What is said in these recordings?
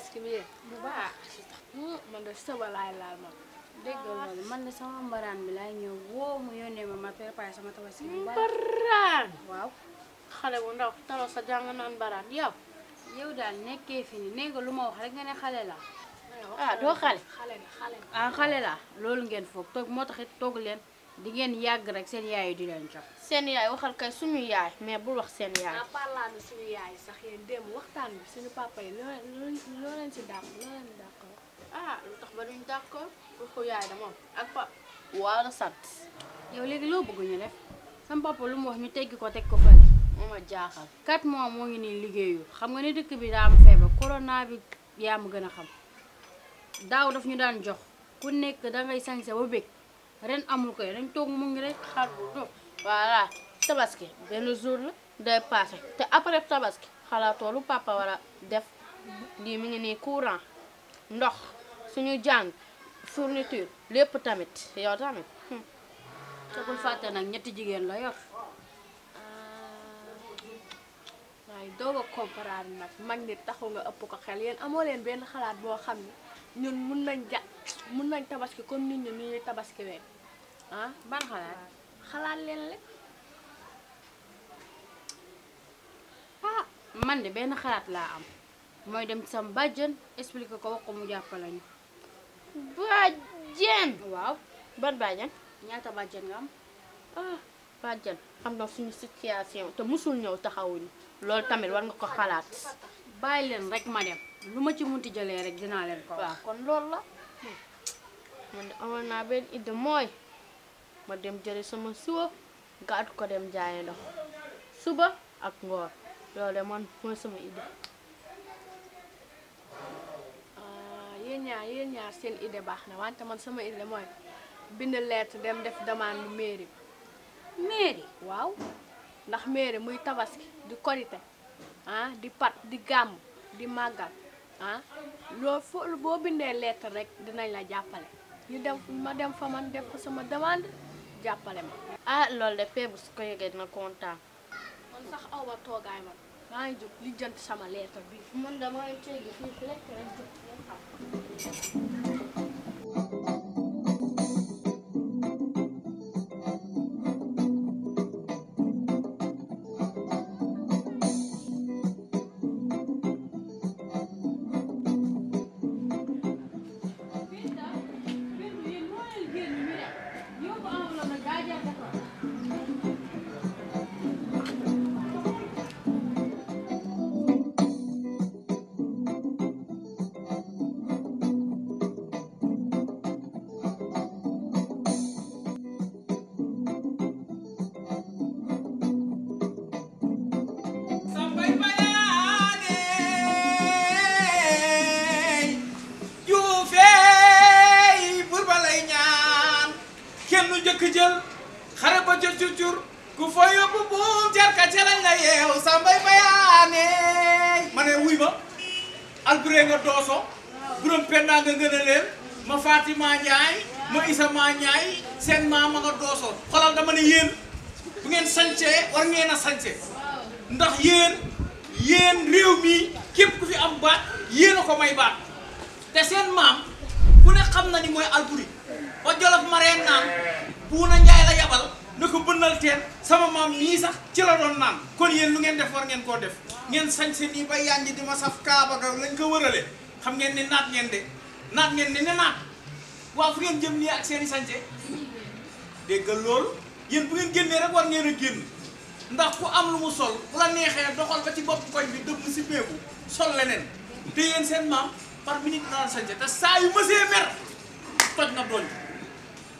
tabaski bi bu baax hmm, man de sëba laay laal ma déggal ma man de sama mbaraan bi laay ñëw woo mu yónnee ma ma préparé sama tabaski bu baax waaw xale bu ndaw talo sa jàng naan mbaraan yow yow daal nekkee fi ni nee nga lu ma wax rek nga ne xale la ah doo xale ah xale la loolu ngeen foog toog moo taxit toog leen di ngeen yàgg rek seen yaay yi di leen jox. seen yaay waxal kay suñu yaay mais bul wax seen yaay. en parlant de suñu yaay sax yéen démb waxtaan bi suñu papa yi loo leen loo leen si dàq loo leen dàq ah lu tax ba duñ dàqoon waxu yaay da moom ak pap waaw la sant. yow léegi loo bëgg ñu def sama papa lu mu wax ñu teggi ko teg ko fële. moo ma jaaxal. 4 mois moo ngi nii liggéeyu xam nga ne dëkk bi daa am feebar corona bi yaa ma gën a xam daaw daf ñu daan jox ku nekk dangay sañse ba bëgg. ren amul ko dañ tok mo ngi rek xaar bu do voilà tabaski ben jour la day passé te après tabaski xala tolu papa wala def li mi ngi ni courant ndox suñu jang fourniture lepp tamit yow tamit hmm. te bul faté nak ñetti jigen la yor ah. ay doog a comparable nag mag nit taxu nga upp ko xel yeen amo len ben xalaat bo xamni ñun mën nañ ja mën nañ tabaski comme nit ñi ni tabaski wé ah ban xalaat xalaat leen rek ah man de benn xalaat laa am mooy dem sam sama bàjjen ko wax ko mu jàppale ñu. bàjjen waaw ban bàjjen ñaata bàjjen nga am ah bàjjen am na suñu situation te musul ñëw taxawuñu loolu tamit war nga ko xalaat. bàyyi leen rek ma dem lu ma ci munti jëlee rek dinaa leen ko. waaw kon loolu la man de amoon naa benn idée mooy. ma dem jëli sama siwo gaat ko dem jaaye ndox suba ak ngor lolé man moy sama idée ah, yeen ñaar yeen ñaar seen idée baax na wante man sama idée moy bind lettre dem def demande mairie mairie waw ndax mairie muy tabaski di korité han ah, di pat di gam di màggal han ah. lo fo bo bindé lettre rek dinañ la jappalé ñu dem ma dem fa man def ko sama demande jàppale ma. ah loolu de père su ko yëgee na kontaan. man sax aw ba toogaay man. maa ngi jóg li jënd sama lettre bi. man damay tëgg fii rek rek jóg. di jël xare ba ca cuccur ku fa yóbbu buum jarka ca lañ la yeew sambay bayaane ma ne wuy ma alburé nga dooso buróom pennaa nga ngën a leen ma Fatima Njaay ma Isa ma Njaay seen maam ma nga dooso xolal dama ne yéen bu ngeen sañcee war ngeen a sañce ndax yéen yéen réew mi képp ku fi am baat yéen a ko may baat te seen maam ku ne xam na ni mooy alburé ba jolof maree naan buuna njaay la yabal na ko bënnal teen sama maam mii sax ci la doon naan kon yéen lu ngeen def war ngeen koo def ngeen sañ se nii ba yànj di ma saf kaaba ga lañ ko wërale xam ngeen ni naat ngeen de naat ngeen ni ne naat waaw fu ngeen jëm nii ak seen i sañse déggal loolu yéen bu ngeen génnee rek war ngeen a génn ndax ku am lu mu sol bu la neexee doxal ba ci bopp koñ bi dëbb si beeku sol leneen te yéen seen maam par minute naan sañse te saa yu mësee mer toj na doon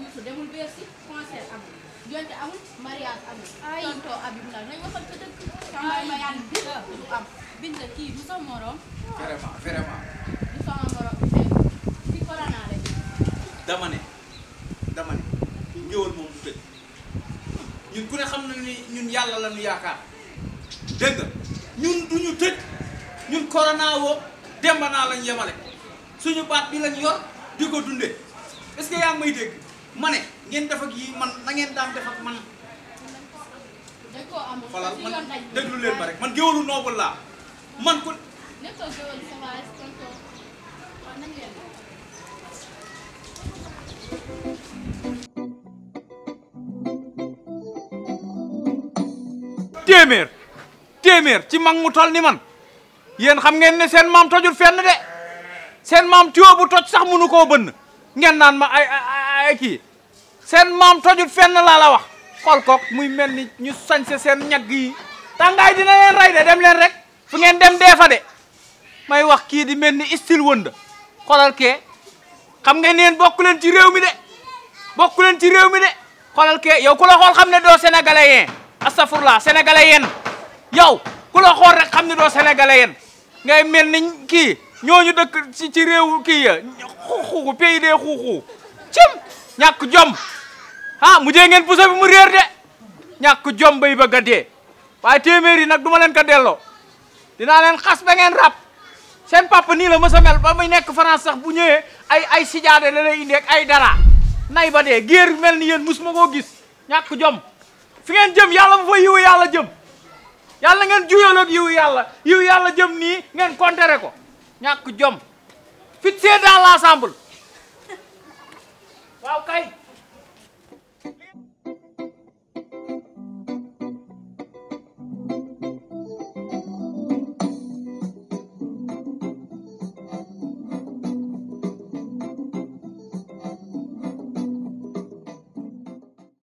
Youssou demul Bercy concert amul yàlla du dama ne dama ne ñëwal moom bu tëj ñun ku ne xam na ñun yàlla la yaakaar dégg ñun du ñu tëj ñun corona demba naa lañ yemale suñu baat bi lañ yor di ko dundee est yaa may dégg. mané ne ngeen def ak yi man na ngeen daan def ak man. xoolal man déglu leen ma rek man géwélu noobul laa man ko. téeméer téeméer ci mag mu tol ni man yéen xam ngeen ne seen mam tojul fenn de seen mam tuyoo bu toj sax mënu koo bënn ngeen naan ma ay ak sen mam maam tojut fenn la la wax kok muy melni ñu sañse sen ñag yi tàngaay dina len ray de dem len rek fu ngeen dem defa de may wax ki di melni istil wënd xolal ke xam nga neen bokku len ci rew mi de bokku len ci rew mi de xolal ke yow ku la xool xam sénégalais astafurla sénégalais yow ku la rek xamne do doo sénégalais ngay melni ki ñoñu ñooñu dëkk ci ci rew ki ya xuuxu pays des xuuxu cim nyaku jom ha mujjee ngeen puso bi mu réer de nyaku jom bay ba gadé dee téméri nak duma len ka ma dina len khas ba ngeen rap sen papa ni la ma sa mel ba muy nek France sax bu ñëwee ay ay sijaade la lay indi ak ay dara nay ba dé guer mel ni musuma koo gis nyaku jom fi ngeen jëm yalla bu fa yiwu yalla jëm yàlla ngeen ak yiwu yalla yiwu yalla jëm ni ngeen kontere ko nyaku jom fit sé dans l'ensemble waaw kay